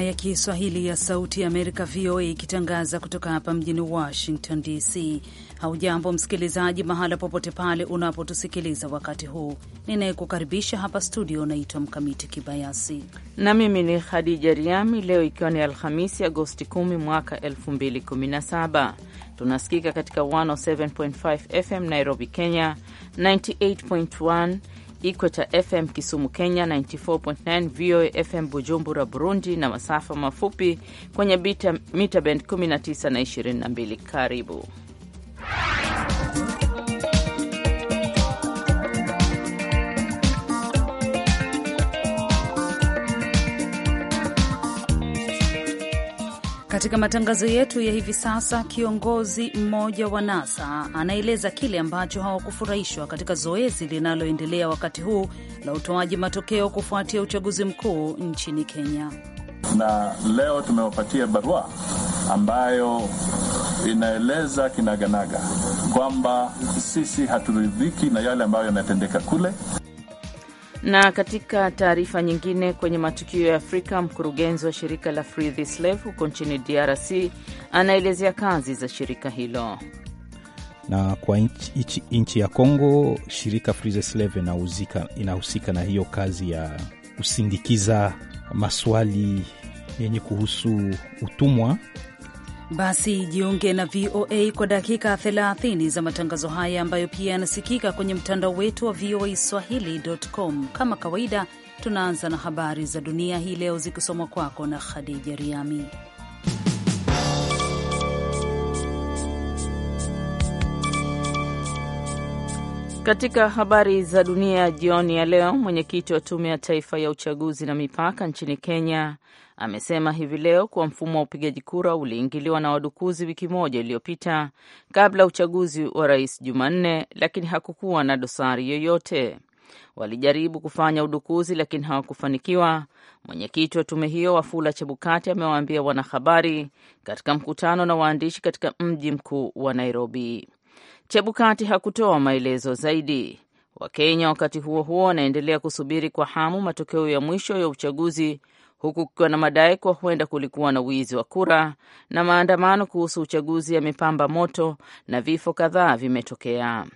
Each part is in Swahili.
idhaa ya Kiswahili ya Sauti ya Amerika, VOA, ikitangaza kutoka hapa mjini Washington DC. Haujambo msikilizaji, mahala popote pale unapotusikiliza wakati huu. Ninayekukaribisha hapa studio unaitwa Mkamiti Kibayasi na mimi ni Khadija Riami. Leo ikiwa ni Alhamisi, Agosti 10 mwaka 2017, tunasikika katika 107.5 FM Nairobi, Kenya, 98.1 Equator FM Kisumu Kenya, 94.9 VOA FM Bujumbura Burundi, na masafa mafupi kwenye mita bend 19 na 22. Karibu. Katika matangazo yetu ya hivi sasa, kiongozi mmoja wa NASA anaeleza kile ambacho hawakufurahishwa katika zoezi linaloendelea wakati huu la utoaji matokeo kufuatia uchaguzi mkuu nchini Kenya. Na leo tumewapatia barua ambayo inaeleza kinaganaga kwamba sisi haturidhiki na yale ambayo yanatendeka kule, na katika taarifa nyingine, kwenye matukio ya Afrika, mkurugenzi wa shirika la Free the Slave huko nchini DRC anaelezea kazi za shirika hilo. Na kwa nchi, ya congo shirika Free the Slave inahusika na hiyo kazi ya kusindikiza maswali yenye kuhusu utumwa basi jiunge na VOA kwa dakika 30 za matangazo haya ambayo pia yanasikika kwenye mtandao wetu wa VOA Swahili.com. Kama kawaida, tunaanza na habari za dunia hii leo zikisomwa kwako na Khadija Riami. Katika habari za dunia jioni ya leo, mwenyekiti wa tume ya taifa ya uchaguzi na mipaka nchini Kenya amesema hivi leo kuwa mfumo wa upigaji kura uliingiliwa na wadukuzi wiki moja iliyopita kabla uchaguzi wa rais Jumanne, lakini hakukuwa na dosari yoyote. Walijaribu kufanya udukuzi lakini hawakufanikiwa. Mwenyekiti wa tume hiyo Wafula Chebukati amewaambia wanahabari katika mkutano na waandishi katika mji mkuu wa Nairobi. Chebukati hakutoa maelezo zaidi. Wakenya wakati huo huo wanaendelea kusubiri kwa hamu matokeo ya mwisho ya uchaguzi huku kukiwa na madai kuwa huenda kulikuwa na wizi wa kura na maandamano kuhusu uchaguzi yamepamba moto na vifo kadhaa vimetokea.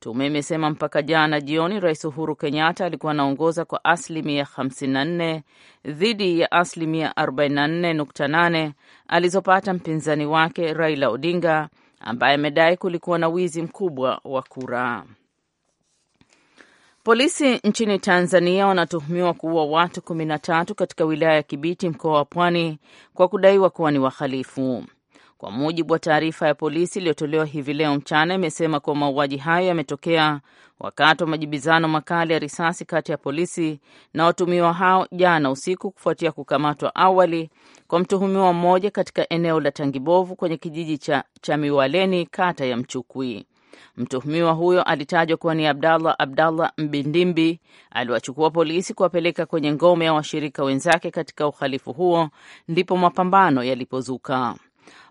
Tume imesema mpaka jana jioni Rais Uhuru Kenyatta alikuwa anaongoza kwa asilimia 54 dhidi ya asilimia 44.8 alizopata mpinzani wake Raila Odinga ambaye amedai kulikuwa na wizi mkubwa wa kura. Polisi nchini Tanzania wanatuhumiwa kuua watu kumi na tatu katika wilaya ya Kibiti mkoa wa Pwani kwa kudaiwa kuwa ni wahalifu. Kwa mujibu wa taarifa ya polisi iliyotolewa hivi leo mchana, imesema kuwa mauaji hayo yametokea wakati wa majibizano makali ya risasi kati ya polisi na watumiwa hao jana usiku, kufuatia kukamatwa awali kwa mtuhumiwa mmoja katika eneo la Tangibovu kwenye kijiji cha Chamiwaleni, kata ya Mchukwi. Mtuhumiwa huyo alitajwa kuwa ni Abdallah Abdallah Mbindimbi, aliwachukua polisi kuwapeleka kwenye ngome ya washirika wenzake katika uhalifu huo, ndipo mapambano yalipozuka.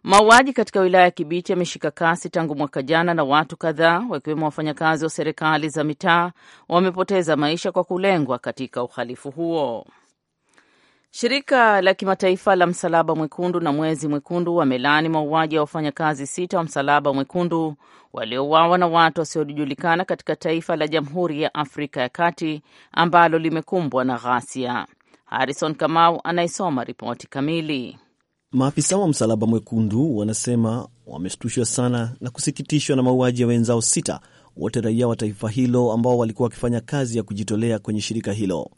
Mauaji katika wilaya ya Kibiti yameshika kasi tangu mwaka jana, na watu kadhaa wakiwemo wafanyakazi wa serikali za mitaa wamepoteza maisha kwa kulengwa katika uhalifu huo. Shirika la kimataifa la Msalaba Mwekundu na Mwezi Mwekundu wamelaani mauaji ya wafanyakazi sita wa Msalaba Mwekundu waliouawa na watu wasiojulikana katika taifa la Jamhuri ya Afrika ya Kati ambalo limekumbwa na ghasia. Harrison Kamau anaisoma ripoti kamili. Maafisa wa Msalaba Mwekundu wanasema wameshtushwa sana na kusikitishwa na mauaji ya wenzao sita, wote raia wa taifa hilo ambao walikuwa wakifanya kazi ya kujitolea kwenye shirika hilo.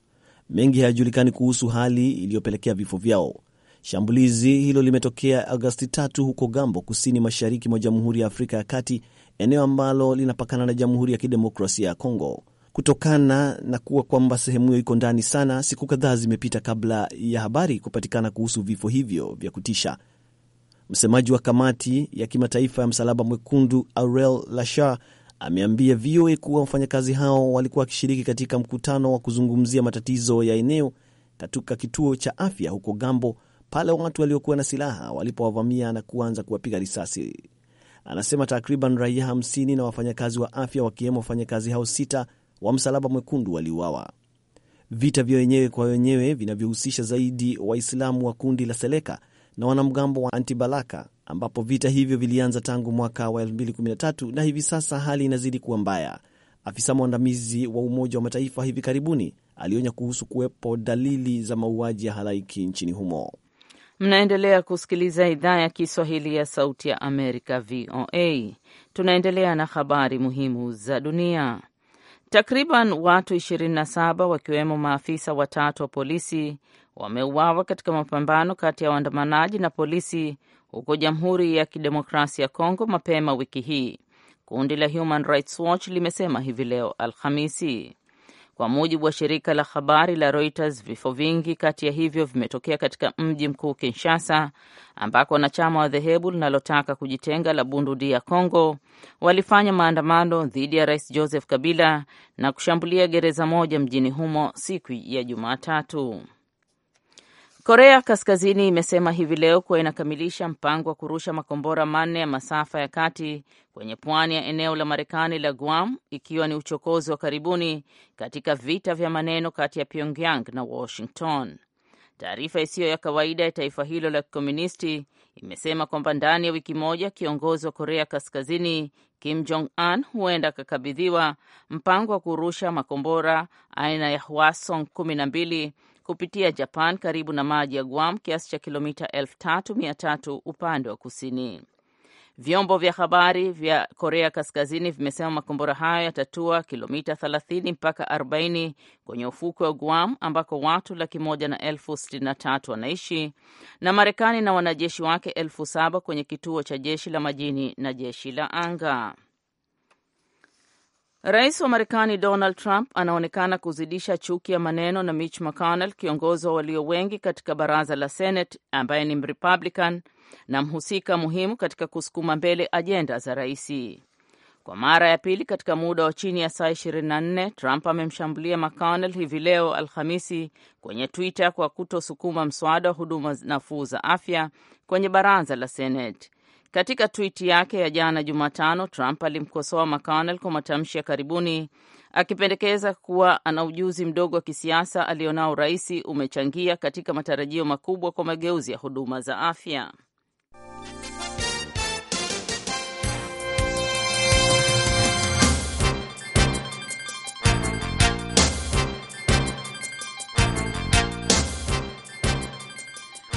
Mengi hayajulikani kuhusu hali iliyopelekea vifo vyao. Shambulizi hilo limetokea Agosti tatu huko Gambo, kusini mashariki mwa Jamhuri ya Afrika ya Kati, eneo ambalo linapakana na Jamhuri ya Kidemokrasia ya Kongo. Kutokana na kuwa kwamba sehemu hiyo iko ndani sana, siku kadhaa zimepita kabla ya habari kupatikana kuhusu vifo hivyo vya kutisha. Msemaji wa kamati ya kimataifa ya Msalaba Mwekundu Aurel Lashar ameambia VOA kuwa wafanyakazi hao walikuwa wakishiriki katika mkutano wa kuzungumzia matatizo ya eneo katika kituo cha afya huko Gambo pale watu waliokuwa na silaha walipowavamia na kuanza kuwapiga risasi. Anasema takriban raia hamsini na wafanyakazi wa afya wakiwemo wafanyakazi hao sita wa Msalaba Mwekundu waliuawa. Vita vya wenyewe kwa wenyewe vinavyohusisha zaidi Waislamu wa kundi la Seleka na wanamgambo wa Antibalaka ambapo vita hivyo vilianza tangu mwaka wa 2013 na hivi sasa hali inazidi kuwa mbaya. Afisa mwandamizi wa Umoja wa Mataifa hivi karibuni alionya kuhusu kuwepo dalili za mauaji ya halaiki nchini humo. Mnaendelea kusikiliza idhaa ya Kiswahili ya Sauti ya Amerika, VOA. Tunaendelea na habari muhimu za dunia. Takriban watu 27 wakiwemo maafisa watatu wa polisi wameuawa katika mapambano kati ya waandamanaji na polisi huko Jamhuri ya Kidemokrasia ya Kongo mapema wiki hii. Kundi la Human Rights Watch limesema hivi leo Alhamisi. Kwa mujibu wa shirika la habari la Reuters, vifo vingi kati ya hivyo vimetokea katika mji mkuu Kinshasa, ambako wanachama wa dhehebu linalotaka kujitenga la Bundundi ya Congo walifanya maandamano dhidi ya Rais Joseph Kabila na kushambulia gereza moja mjini humo siku ya Jumatatu. Korea Kaskazini imesema hivi leo kuwa inakamilisha mpango wa kurusha makombora manne ya masafa ya kati kwenye pwani ya eneo la Marekani la Guam, ikiwa ni uchokozi wa karibuni katika vita vya maneno kati ya Pyongyang na Washington. Taarifa isiyo ya kawaida ya taifa hilo la kikomunisti imesema kwamba ndani ya wiki moja kiongozi wa Korea Kaskazini Kim Jong Un huenda akakabidhiwa mpango wa kurusha makombora aina ya Hwasong kupitia Japan karibu na maji ya Guam kiasi cha kilomita 3300 upande wa kusini. Vyombo vya habari vya Korea Kaskazini vimesema makombora hayo yatatua kilomita 30 mpaka 40 kwenye ufukwe wa Guam ambako watu laki moja na elfu sitini na tatu wanaishi na Marekani na wanajeshi wake elfu saba kwenye kituo cha jeshi la majini na jeshi la anga. Rais wa Marekani Donald Trump anaonekana kuzidisha chuki ya maneno na Mitch McConnell, kiongozi wa walio wengi katika baraza la Senate ambaye ni Mrepublican na mhusika muhimu katika kusukuma mbele ajenda za raisi. Kwa mara ya pili katika muda wa chini ya saa 24 Trump amemshambulia McConnell hivi leo Alhamisi kwenye Twitter kwa kutosukuma mswada wa huduma nafuu za afya kwenye baraza la Senate. Katika twiti yake ya jana Jumatano, Trump alimkosoa McConnell kwa matamshi ya karibuni, akipendekeza kuwa ana ujuzi mdogo wa kisiasa alionao rais umechangia katika matarajio makubwa kwa mageuzi ya huduma za afya.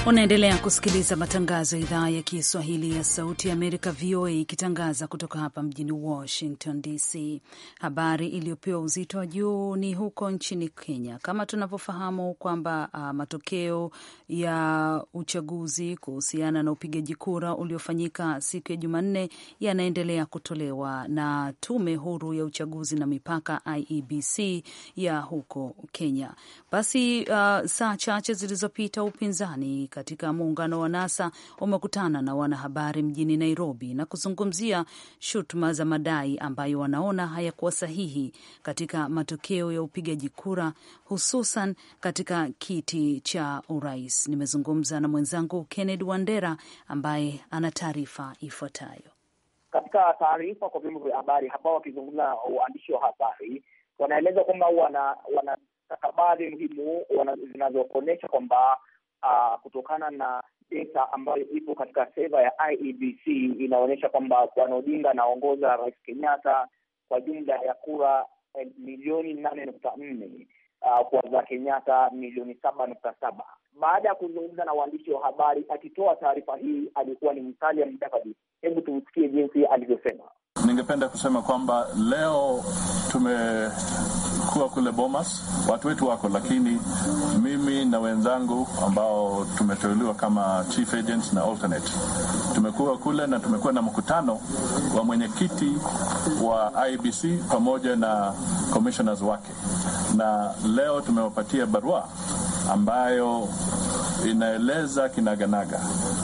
Unaendelea kusikiliza matangazo ya idhaa ya Kiswahili ya Sauti ya Amerika, VOA, ikitangaza kutoka hapa mjini Washington DC. Habari iliyopewa uzito wa juu ni huko nchini Kenya, kama tunavyofahamu kwamba uh, matokeo ya uchaguzi kuhusiana na upigaji kura uliofanyika siku ya Jumanne yanaendelea kutolewa na Tume Huru ya Uchaguzi na Mipaka, IEBC, ya huko Kenya. Basi uh, saa chache zilizopita upinzani katika muungano wa NASA wamekutana na wanahabari mjini Nairobi na kuzungumzia shutuma za madai ambayo wanaona hayakuwa sahihi katika matokeo ya upigaji kura, hususan katika kiti cha urais. Nimezungumza na mwenzangu kenned Wandera ambaye ana taarifa ifuatayo. Katika taarifa kwa vyombo vya habari hapa, wakizungumza waandishi wa habari, wanaeleza kwamba wana, wana stakabadhi muhimu zinazoonyesha kwamba uh, kutokana na data ambayo ipo katika seva ya IEBC inaonyesha kwamba Bwana Odinga anaongoza Rais Kenyatta kwa jumla ya kura eh, milioni nane nukta nne uh, kwa za Kenyatta milioni saba nukta saba. Baada ya kuzungumza na waandishi wa habari akitoa taarifa hii, alikuwa ni Musalia Mudavadi. Hebu tumsikie jinsi alivyosema. Ningependa kusema kwamba leo tumekuwa kule Bomas, watu wetu wako, lakini mimi na wenzangu ambao tumeteuliwa kama chief agent na alternate tumekuwa kule na tumekuwa na mkutano wa mwenyekiti wa IBC pamoja na commissioners wake, na leo tumewapatia barua ambayo inaeleza kinaganaga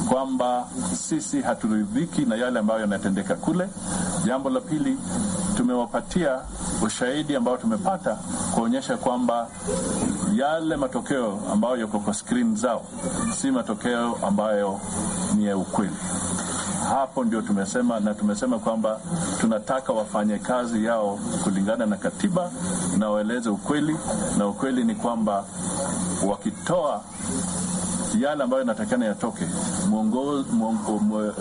kwamba sisi haturidhiki na yale ambayo yanatendeka kule. Jambo la pili, tumewapatia ushahidi ambao tumepata kuonyesha kwamba yale matokeo ambayo yako kwa skrini zao si matokeo ambayo ni ya ukweli. Hapo ndio tumesema, na tumesema kwamba tunataka wafanye kazi yao kulingana na katiba na waeleze ukweli, na ukweli ni kwamba wakitoa yale ambayo inatakikana yatoke,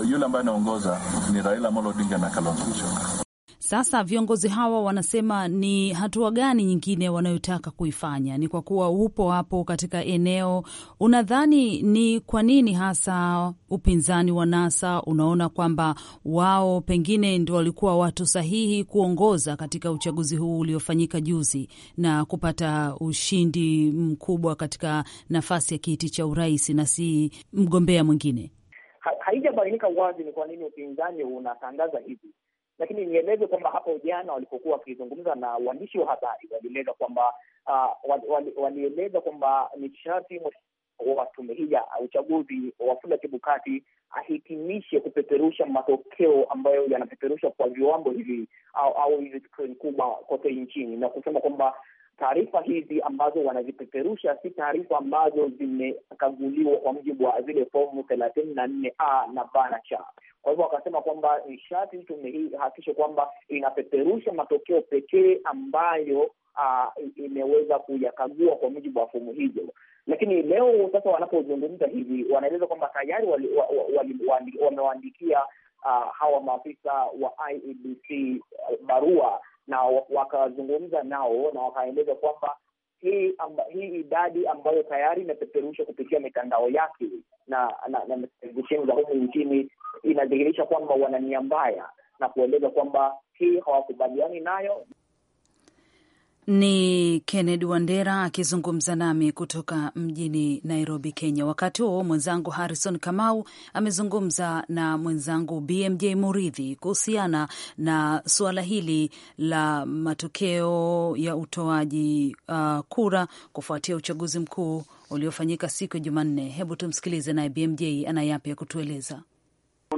yule ambaye anaongoza ni Raila Amolo Odinga na Kalonzo Musyoka. Sasa viongozi hawa wanasema ni hatua gani nyingine wanayotaka kuifanya? Ni kwa kuwa upo hapo katika eneo, unadhani ni kwa nini hasa upinzani wa NASA unaona kwamba wao pengine ndio walikuwa watu sahihi kuongoza katika uchaguzi huu uliofanyika juzi na kupata ushindi mkubwa katika nafasi ya kiti cha urais na si mgombea mwingine? Haijabainika wazi ni kwa nini upinzani unatangaza hivi lakini nieleze kwamba hapo jana walipokuwa wakizungumza na uandishi wa habari walieleza kwamba uh, walieleza kwamba ni sharti wa tume hii ya uchaguzi Wafula Chebukati ahitimishe kupeperusha matokeo ambayo yanapeperushwa kwa viwambo hivi au au hizi skrini kubwa kote nchini, na kusema kwamba taarifa hizi ambazo wanazipeperusha si taarifa ambazo zimekaguliwa kwa mjibu wa zile fomu thelathini na nne a na b na cha. Kwa hivyo wakasema kwamba ni sharti tume hii kwamba inapeperusha matokeo pekee ambayo Uh, imeweza kuyakagua kwa mujibu wa fomu hizo. Lakini leo sasa wanapozungumza hivi, wanaeleza kwamba tayari wamewaandikia uh, hawa maafisa wa IEBC uh, barua na wakazungumza nao na wakaeleza kwamba hii amba, hii idadi ambayo tayari imepeperushwa kupitia mitandao yake na na televisheni za humu nchini inadhihirisha kwamba wana nia mbaya na kueleza kwamba hii hawakubaliani nayo. Ni Kennedy Wandera akizungumza nami kutoka mjini Nairobi, Kenya. Wakati huo mwenzangu Harrison Kamau amezungumza na mwenzangu BMJ Muridhi kuhusiana na suala hili la matokeo ya utoaji uh, kura kufuatia uchaguzi mkuu uliofanyika siku ya Jumanne. Hebu tumsikilize naye BMJ anayapya ya kutueleza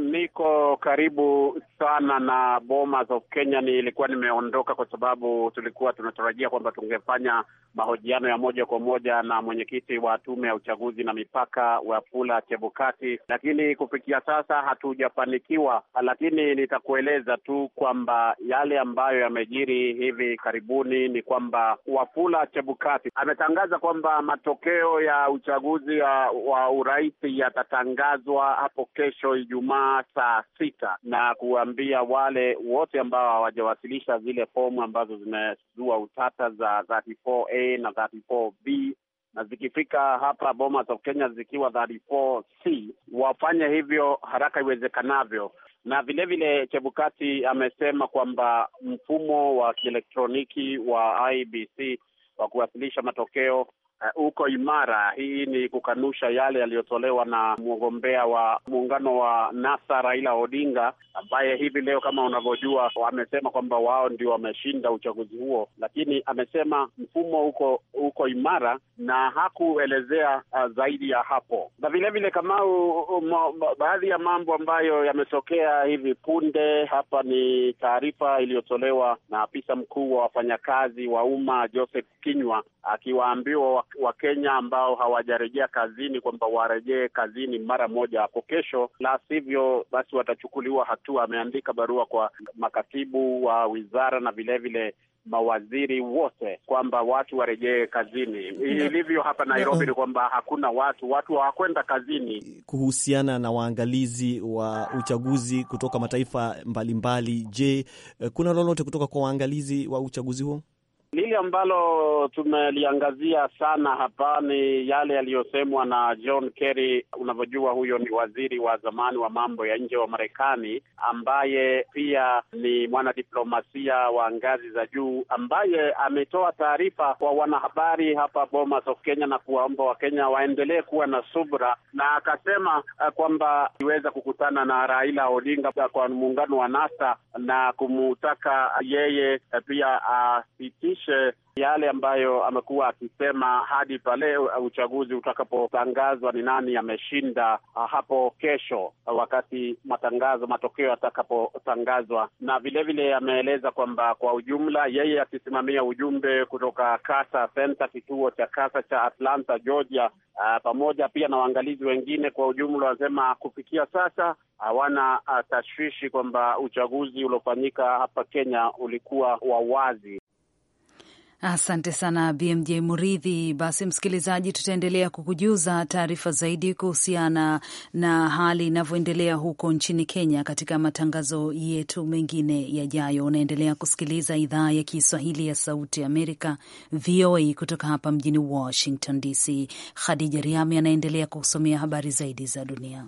niko karibu sana na Bomas of Kenya. Nilikuwa nimeondoka kwa sababu tulikuwa tunatarajia kwamba tungefanya mahojiano ya moja kwa moja na mwenyekiti wa tume ya uchaguzi na mipaka Wafula Chebukati, lakini kufikia sasa hatujafanikiwa. Lakini nitakueleza tu kwamba yale ambayo yamejiri hivi karibuni ni kwamba Wafula Chebukati ametangaza kwamba matokeo ya uchaguzi wa urais yatatangazwa hapo kesho Ijumaa saa sita na kuambia wale wote ambao hawajawasilisha zile fomu ambazo zimezua utata za 34A na 34B na zikifika hapa Bomas of Kenya zikiwa 34C wafanye hivyo haraka iwezekanavyo. Na vilevile Chebukati amesema kwamba mfumo wa kielektroniki wa IBC wa kuwasilisha matokeo uh, uko imara. Hii ni kukanusha yale yaliyotolewa na mgombea wa muungano wa NASA Raila Odinga, ambaye hivi leo kama unavyojua wamesema kwamba wao ndio wameshinda uchaguzi huo, lakini amesema mfumo uko uko imara na hakuelezea uh, zaidi ya hapo. Na vilevile kama um, um, baadhi ya mambo ambayo yametokea hivi punde hapa ni taarifa iliyotolewa na afisa mkuu wa wafanyakazi wa umma Joseph kinywa akiwaambiwa Wakenya ambao hawajarejea kazini kwamba warejee kazini mara moja hapo kesho, la sivyo basi watachukuliwa hatua. Ameandika barua kwa makatibu wa wizara na vilevile mawaziri wote kwamba watu warejee kazini. Ilivyo hapa Nairobi ni kwamba hakuna watu, watu hawakwenda kazini. Kuhusiana na waangalizi wa uchaguzi kutoka mataifa mbalimbali, je, eh, kuna lolote kutoka kwa waangalizi wa uchaguzi huo? Lile ambalo tumeliangazia sana hapa ni yale yaliyosemwa na John Kerry. Unavyojua, huyo ni waziri wa zamani wa mambo ya nje wa Marekani ambaye pia ni mwanadiplomasia wa ngazi za juu, ambaye ametoa taarifa kwa wanahabari hapa Bomas of Kenya na kuwaomba Wakenya waendelee kuwa na subra, na akasema eh, kwamba aliweza kukutana na Raila Odinga kwa muungano wa NASA na kumutaka yeye eh, pia apitishe ah, arekebishe yale ambayo amekuwa akisema hadi pale uchaguzi utakapotangazwa ni nani ameshinda ah, hapo kesho, ah, wakati matangazo matokeo yatakapotangazwa. Na vilevile ameeleza kwamba kwa ujumla, yeye akisimamia ujumbe kutoka Kasa Center, kituo cha Kasa cha Atlanta, Georgia, ah, pamoja pia na waangalizi wengine, kwa ujumla wanasema kufikia sasa hawana tashwishi kwamba uchaguzi uliofanyika hapa Kenya ulikuwa wa wazi. Asante sana BMJ Muridhi. Basi msikilizaji, tutaendelea kukujuza taarifa zaidi kuhusiana na hali inavyoendelea huko nchini Kenya katika matangazo yetu mengine yajayo. Unaendelea kusikiliza idhaa ya Kiswahili ya Sauti Amerika, VOA, kutoka hapa mjini Washington DC. Khadija Riami anaendelea kusomea habari zaidi za dunia.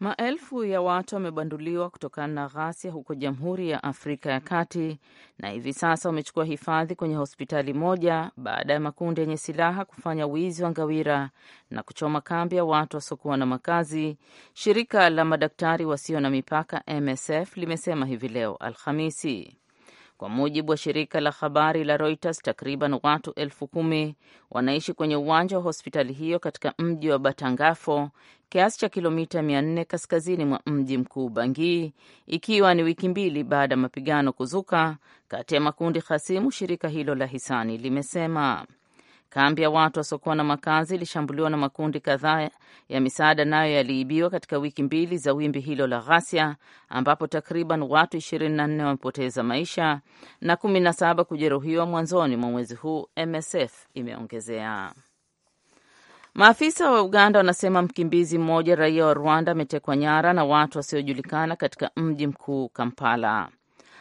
Maelfu ya watu wamebanduliwa kutokana na ghasia huko Jamhuri ya Afrika ya Kati na hivi sasa wamechukua hifadhi kwenye hospitali moja baada ya makundi yenye silaha kufanya wizi wa ngawira na kuchoma kambi ya watu wasiokuwa na makazi. Shirika la madaktari wasio na mipaka MSF limesema hivi leo Alhamisi. Kwa mujibu wa shirika la habari la Reuters, takriban watu elfu kumi wanaishi kwenye uwanja wa hospitali hiyo katika mji wa Batangafo, kiasi cha kilomita 400 kaskazini mwa mji mkuu Bangui, ikiwa ni wiki mbili baada ya mapigano kuzuka kati ya makundi hasimu, shirika hilo la hisani limesema. Kambi ya watu wasiokuwa na makazi ilishambuliwa na makundi kadhaa ya misaada, nayo yaliibiwa katika wiki mbili za wimbi hilo la ghasia, ambapo takriban watu 24 wamepoteza maisha na 17 kujeruhiwa mwanzoni mwa mwezi huu, MSF imeongezea. Maafisa wa Uganda wanasema mkimbizi mmoja raia wa Rwanda ametekwa nyara na watu wasiojulikana katika mji mkuu Kampala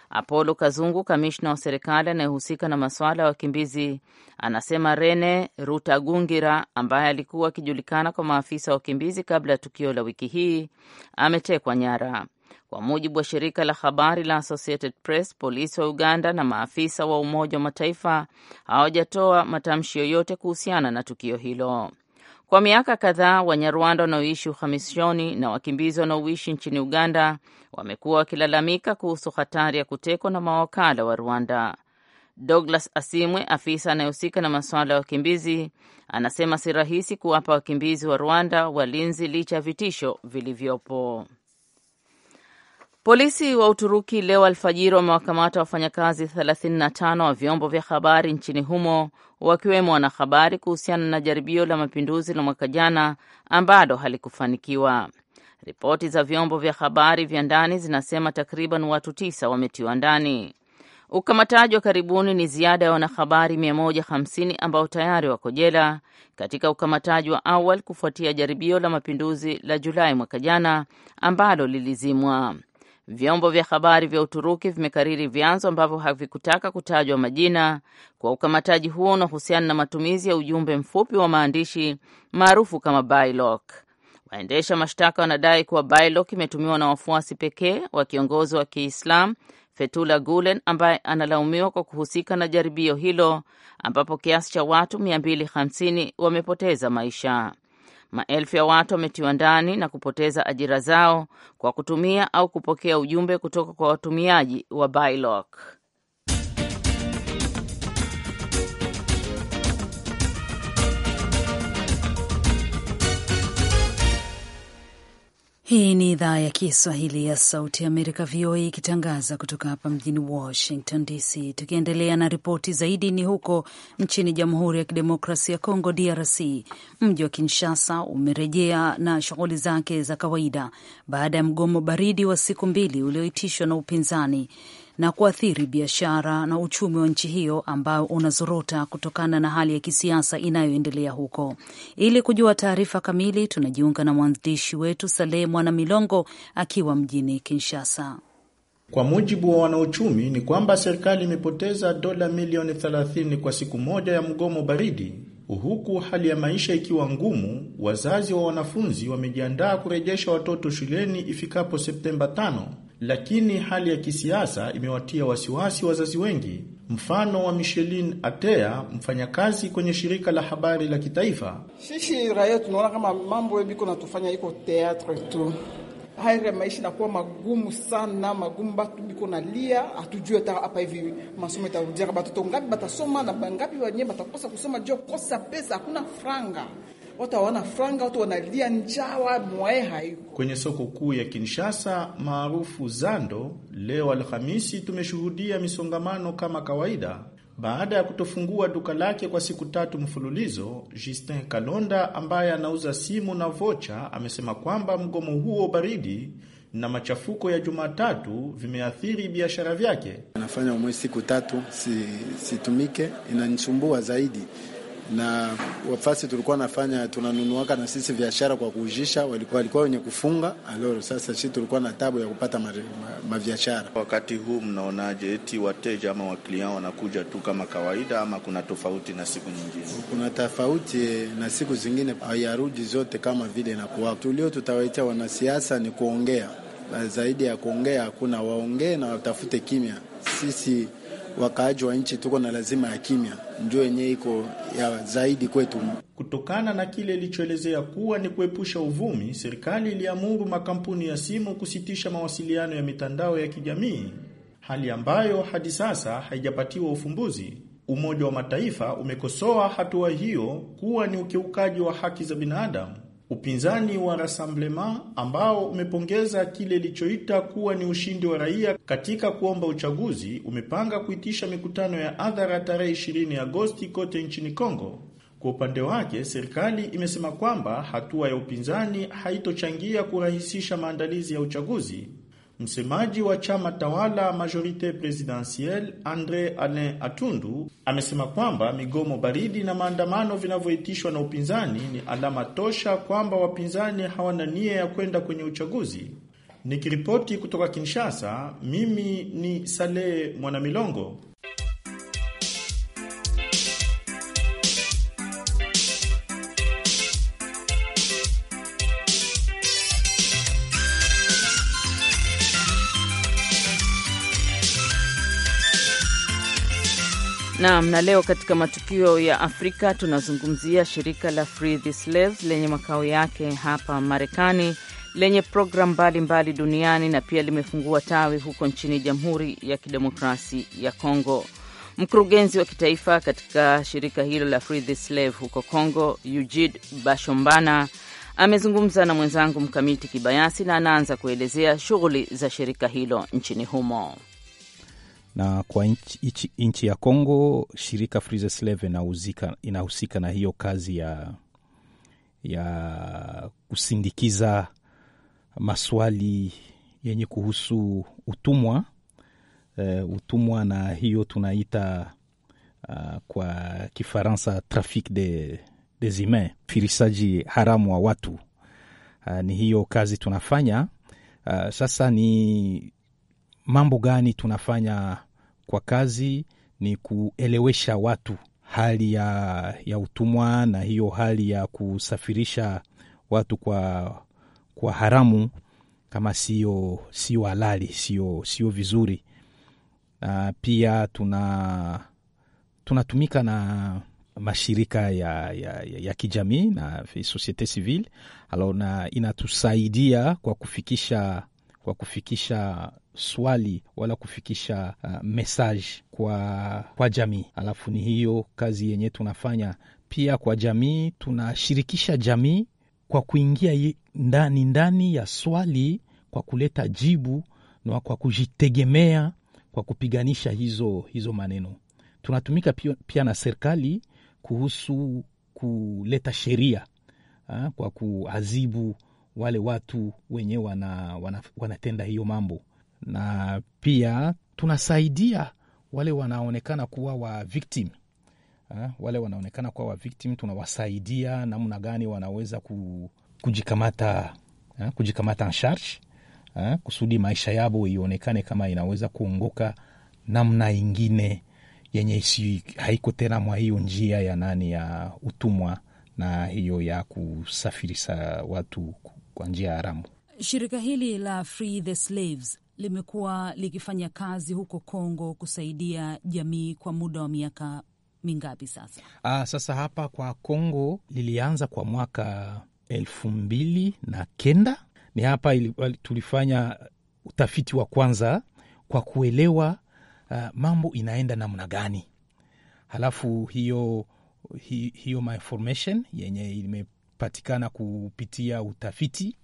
apolo Kazungu, kamishna wa serikali anayehusika na masuala ya wakimbizi, anasema Rene Rutagungira ambaye alikuwa akijulikana kwa maafisa wa wakimbizi kabla ya tukio la wiki hii ametekwa nyara. Kwa mujibu wa shirika la habari la Associated Press, polisi wa Uganda na maafisa wa Umoja wa Mataifa hawajatoa matamshi yoyote kuhusiana na tukio hilo. Kwa miaka kadhaa Wanyarwanda wanaoishi uhamishoni na wakimbizi wanaoishi nchini Uganda wamekuwa wakilalamika kuhusu hatari ya kutekwa na mawakala wa Rwanda. Douglas Asimwe, afisa anayehusika na masuala ya wakimbizi, anasema si rahisi kuwapa wakimbizi wa Rwanda walinzi licha ya vitisho vilivyopo. Polisi wa Uturuki leo alfajiri wamewakamata wafanyakazi 35 wa vyombo vya habari nchini humo wakiwemo wanahabari kuhusiana na jaribio la mapinduzi la mwaka jana ambalo halikufanikiwa. Ripoti za vyombo vya habari vya ndani zinasema takriban watu tisa wametiwa ndani. Ukamataji wa karibuni ni ziada ya wanahabari 150 ambao tayari wako jela katika ukamataji wa awali kufuatia jaribio la mapinduzi la Julai mwaka jana ambalo lilizimwa. Vyombo vya habari vya Uturuki vimekariri vyanzo ambavyo havikutaka kutajwa majina kwa ukamataji huo unaohusiana na matumizi ya ujumbe mfupi wa maandishi maarufu kama Bylock. Waendesha mashtaka wanadai kuwa Bylock imetumiwa na wafuasi pekee wa kiongozi wa Kiislam Fethullah Gulen ambaye analaumiwa kwa kuhusika na jaribio hilo ambapo kiasi cha watu 250 wamepoteza maisha. Maelfu ya watu wametiwa ndani na kupoteza ajira zao kwa kutumia au kupokea ujumbe kutoka kwa watumiaji wa Bylock. Hii ni idhaa ya Kiswahili ya Sauti ya Amerika, VOA, ikitangaza kutoka hapa mjini Washington DC. Tukiendelea na ripoti zaidi, ni huko nchini Jamhuri ya Kidemokrasia ya Kongo, DRC. Mji wa Kinshasa umerejea na shughuli zake za kawaida baada ya mgomo baridi wa siku mbili ulioitishwa na upinzani na kuathiri biashara na uchumi wa nchi hiyo ambao unazorota kutokana na hali ya kisiasa inayoendelea huko. Ili kujua taarifa kamili, tunajiunga na mwandishi wetu Salehe Mwana Milongo akiwa mjini Kinshasa. Kwa mujibu wa wanauchumi, ni kwamba serikali imepoteza dola milioni 30 kwa siku moja ya mgomo baridi Huku hali ya maisha ikiwa ngumu, wazazi wa wanafunzi wamejiandaa kurejesha watoto shuleni ifikapo Septemba 5, lakini hali ya kisiasa imewatia wasiwasi wazazi wengi. Mfano wa Micheline Atea, mfanyakazi kwenye shirika la habari la kitaifa: sisi raia tunaona kama mambo biko natufanya iko teatre tu haire maisha nakuwa magumu sana, magumu. Batu biko nalia, hatujue ta hapa hivi masomo itarudia. Batoto ngapi batasoma na bangapi wenyewe batakosa kusoma? Jo, kosa pesa, hakuna franga watu hawana franga, watu wanalia njawa mwae haiko. Kwenye soko kuu ya Kinshasa maarufu Zando, leo Alhamisi, tumeshuhudia misongamano kama kawaida baada ya kutofungua duka lake kwa siku tatu mfululizo, Justin Kalonda ambaye anauza simu na vocha amesema kwamba mgomo huo baridi na machafuko ya Jumatatu vimeathiri biashara vyake. Anafanya umwe siku tatu si, situmike, inanisumbua zaidi na wafasi tulikuwa nafanya tunanunuaka na sisi biashara kwa kuujisha, walikuwa walikuwa wenye kufunga aloro. Sasa sisi tulikuwa na tabu ya kupata mabiashara ma, ma wakati huu. Mnaonaje, eti wateja ama waklia wanakuja tu kama kawaida ama kuna tofauti na siku nyingine? Kuna tofauti na siku zingine, hayarudi zote kama vile inakuwa. Tulio tutawaitia wanasiasa ni kuongea zaidi ya kuongea, hakuna waongee na watafute kimya sisi wakaaji wa nchi tuko na lazima ya kimya, ndio yenye iko ya zaidi kwetu. Kutokana na kile ilichoelezea kuwa ni kuepusha uvumi, serikali iliamuru makampuni ya simu kusitisha mawasiliano ya mitandao ya kijamii, hali ambayo hadi sasa haijapatiwa ufumbuzi. Umoja wa Mataifa umekosoa hatua hiyo kuwa ni ukiukaji wa haki za binadamu upinzani wa Rassemblement ambao umepongeza kile ilichoita kuwa ni ushindi wa raia katika kuomba uchaguzi umepanga kuitisha mikutano ya adhara tarehe 20 Agosti kote nchini Kongo. Kwa upande wake, serikali imesema kwamba hatua ya upinzani haitochangia kurahisisha maandalizi ya uchaguzi. Msemaji wa chama tawala Majorite Presidentielle Andre Alain Atundu amesema kwamba migomo baridi na maandamano vinavyoitishwa na upinzani ni alama tosha kwamba wapinzani hawana nia ya kwenda kwenye uchaguzi. Nikiripoti kutoka Kinshasa, mimi ni Saleh Mwanamilongo. Naam, na leo katika matukio ya Afrika tunazungumzia shirika la Free the Slaves lenye makao yake hapa Marekani lenye programu mbalimbali duniani na pia limefungua tawi huko nchini Jamhuri ya Kidemokrasi ya congo Mkurugenzi wa kitaifa katika shirika hilo la Free the Slave huko congo ujid Bashombana amezungumza na mwenzangu Mkamiti Kibayasi na anaanza kuelezea shughuli za shirika hilo nchini humo na kwa nchi, nchi ya Congo, shirika Frizesleve inahusika na hiyo kazi ya, ya kusindikiza maswali yenye kuhusu utumwa uh, utumwa na hiyo tunaita uh, kwa Kifaransa trafic de, des humains, firisaji haramu wa watu uh, ni hiyo kazi tunafanya uh, sasa ni mambo gani tunafanya kwa kazi ni kuelewesha watu hali ya, ya utumwa na hiyo hali ya kusafirisha watu kwa, kwa haramu kama sio sio halali sio sio vizuri. na pia tuna tunatumika na mashirika ya, ya, ya kijamii na societe civile alors na inatusaidia kwa kufikisha kwa kufikisha swali wala kufikisha uh, message kwa, kwa jamii. Alafu ni hiyo kazi yenye tunafanya pia kwa jamii, tunashirikisha jamii kwa kuingia ndani ndani ya swali kwa kuleta jibu na kwa kujitegemea kwa kupiganisha hizo, hizo maneno. Tunatumika pia, pia na serikali kuhusu kuleta sheria ha, uh, kwa kuazibu wale watu wenyewe wana, wana, wanatenda hiyo mambo, na pia tunasaidia wale wanaonekana kuwa wa victim ha? wale wanaonekana kuwa wa victim tunawasaidia namna gani wanaweza ku, kujikamata ha? kujikamata en charge ha? kusudi maisha yabo ionekane kama inaweza kuongoka namna ingine yenye isi haiko tena mwa hiyo njia ya nani ya utumwa na hiyo ya kusafirisha watu kwa njia ya haramu. Shirika hili la Free the Slaves limekuwa likifanya kazi huko Kongo kusaidia jamii kwa muda wa miaka mingapi sasa? Aa, ah, sasa hapa kwa Kongo lilianza kwa mwaka elfu mbili na kenda. Ni hapa ili, tulifanya utafiti wa kwanza kwa kuelewa uh, mambo inaenda namna gani, halafu hiyo hi, hiyo my formation yenye patikana kupitia utafiti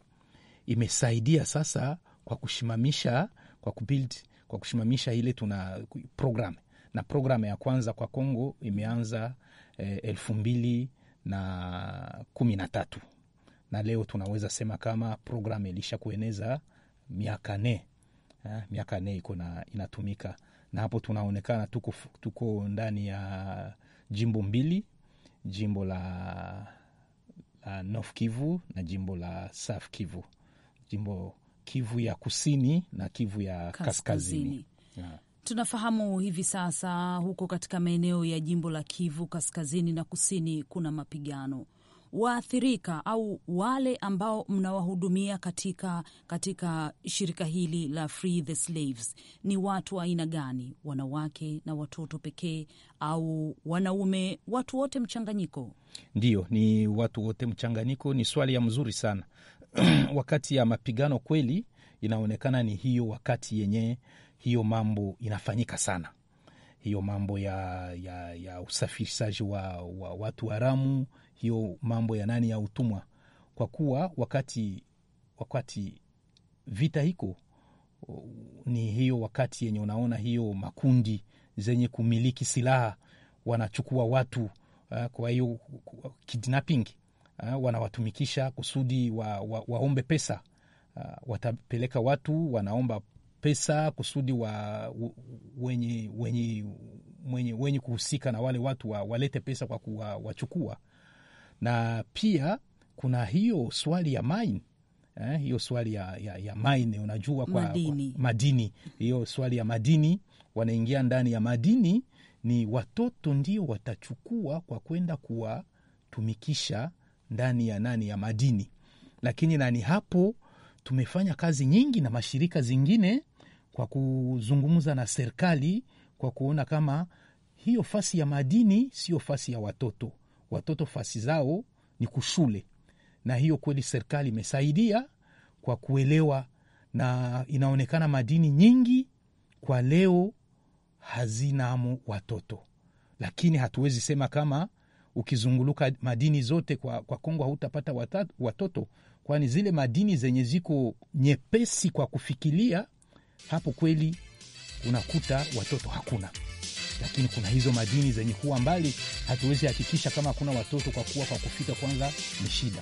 imesaidia sasa kwa kushimamisha kwa kubuild kwa kushimamisha ile tuna program na program ya kwanza kwa congo imeanza eh, elfu mbili na kumi na tatu na leo tunaweza sema kama program ilisha kueneza miaka ne ha, eh, miaka ne iko na inatumika, na hapo tunaonekana tuko, tuko ndani ya jimbo mbili, jimbo la uh, North Kivu na jimbo la South Kivu, jimbo Kivu ya kusini na Kivu ya kaskazini, kaskazini. Tunafahamu hivi sasa huko katika maeneo ya jimbo la Kivu kaskazini na kusini kuna mapigano waathirika au wale ambao mnawahudumia katika, katika shirika hili la Free the Slaves ni watu wa aina gani? Wanawake na watoto pekee au wanaume, watu wote mchanganyiko? Ndiyo, ni watu wote mchanganyiko. Ni swali ya mzuri sana wakati ya mapigano kweli, inaonekana ni hiyo wakati yenyewe hiyo mambo inafanyika sana hiyo mambo ya, ya, ya usafirishaji wa, wa watu haramu hiyo mambo ya nani ya utumwa, kwa kuwa wakati wakati vita hiko ni hiyo wakati yenye unaona hiyo makundi zenye kumiliki silaha wanachukua watu, eh, kwa hiyo kidnapping, eh, wanawatumikisha kusudi wa, wa, waombe pesa. Eh, watapeleka watu wanaomba pesa kusudi wa wenye, wenye, wenye, wenye kuhusika na wale watu wa, walete pesa kwa kuwachukua na pia kuna hiyo swali ya mine eh, hiyo swali ya, ya, ya mine unajua kwa madini. Kwa madini hiyo swali ya madini wanaingia ndani ya madini, ni watoto ndio watachukua kwa kwenda kuwatumikisha ndani ya nani ya madini, lakini nani hapo tumefanya kazi nyingi na mashirika zingine kwa kuzungumza na serikali kwa kuona kama hiyo fasi ya madini sio fasi ya watoto watoto fasi zao ni kushule, na hiyo kweli serikali imesaidia kwa kuelewa, na inaonekana madini nyingi kwa leo hazinamo watoto, lakini hatuwezi sema kama ukizunguluka madini zote kwa, kwa Kongo hautapata watoto kwani zile madini zenye ziko nyepesi kwa kufikilia hapo kweli unakuta watoto hakuna lakini kuna hizo madini zenye kuwa mbali, hatuwezi hakikisha kama hakuna watoto, kwa kuwa kwa kufika kwanza ni shida.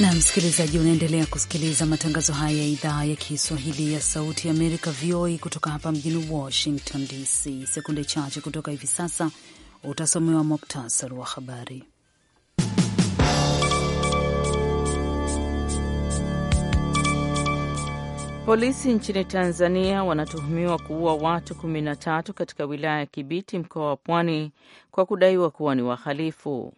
na msikilizaji, unaendelea kusikiliza matangazo haya ya idhaa ya Kiswahili ya Sauti ya Amerika, VOA, kutoka hapa mjini Washington DC. Sekunde chache kutoka hivi sasa utasomewa muktasari wa habari. Polisi nchini Tanzania wanatuhumiwa kuua watu 13 katika wilaya ya Kibiti, mkoa wa Pwani, kwa kudaiwa kuwa ni wahalifu.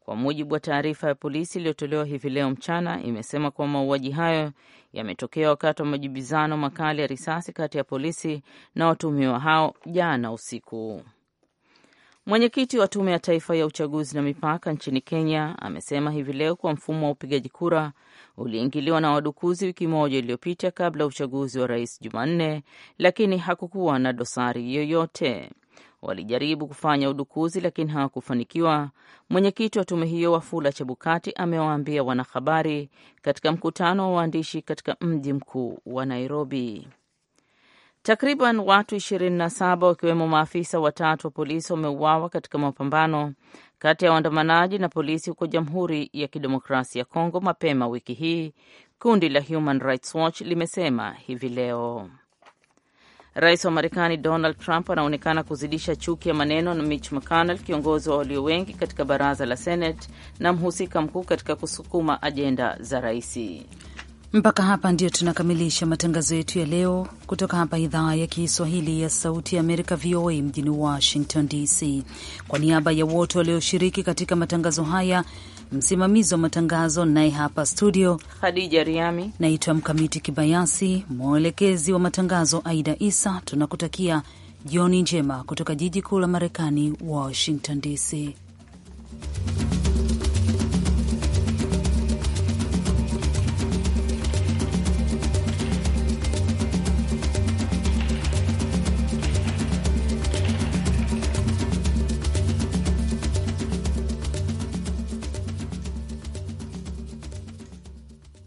Kwa mujibu wa taarifa ya polisi iliyotolewa hivi leo mchana, imesema kuwa mauaji hayo yametokea wakati wa majibizano makali ya risasi kati ya polisi na watuhumiwa hao jana usiku. Mwenyekiti wa Tume ya Taifa ya Uchaguzi na Mipaka nchini Kenya amesema hivi leo kuwa mfumo wa upigaji kura uliingiliwa na wadukuzi wiki moja iliyopita kabla ya uchaguzi wa rais Jumanne, lakini hakukuwa na dosari yoyote. Walijaribu kufanya udukuzi lakini hawakufanikiwa. Mwenyekiti wa tume hiyo Wafula Chebukati amewaambia wanahabari katika mkutano wa waandishi katika mji mkuu wa Nairobi. Takriban watu 27 wakiwemo maafisa watatu wa polisi wameuawa katika mapambano kati ya waandamanaji na polisi huko Jamhuri ya Kidemokrasia ya Kongo mapema wiki hii, kundi la Human Rights Watch limesema hivi leo. Rais wa Marekani Donald Trump anaonekana kuzidisha chuki ya maneno na Mitch McConnell, kiongozi wa walio wengi katika baraza la Senate na mhusika mkuu katika kusukuma ajenda za raisi. Mpaka hapa ndio tunakamilisha matangazo yetu ya leo kutoka hapa idhaa ya Kiswahili ya Sauti ya Amerika, VOA mjini Washington DC. Kwa niaba ya wote walioshiriki katika matangazo haya, msimamizi wa matangazo naye hapa studio Hadija Riami, naitwa Mkamiti Kibayasi, mwelekezi wa matangazo Aida Isa. Tunakutakia jioni njema kutoka jiji kuu la Marekani, Washington DC.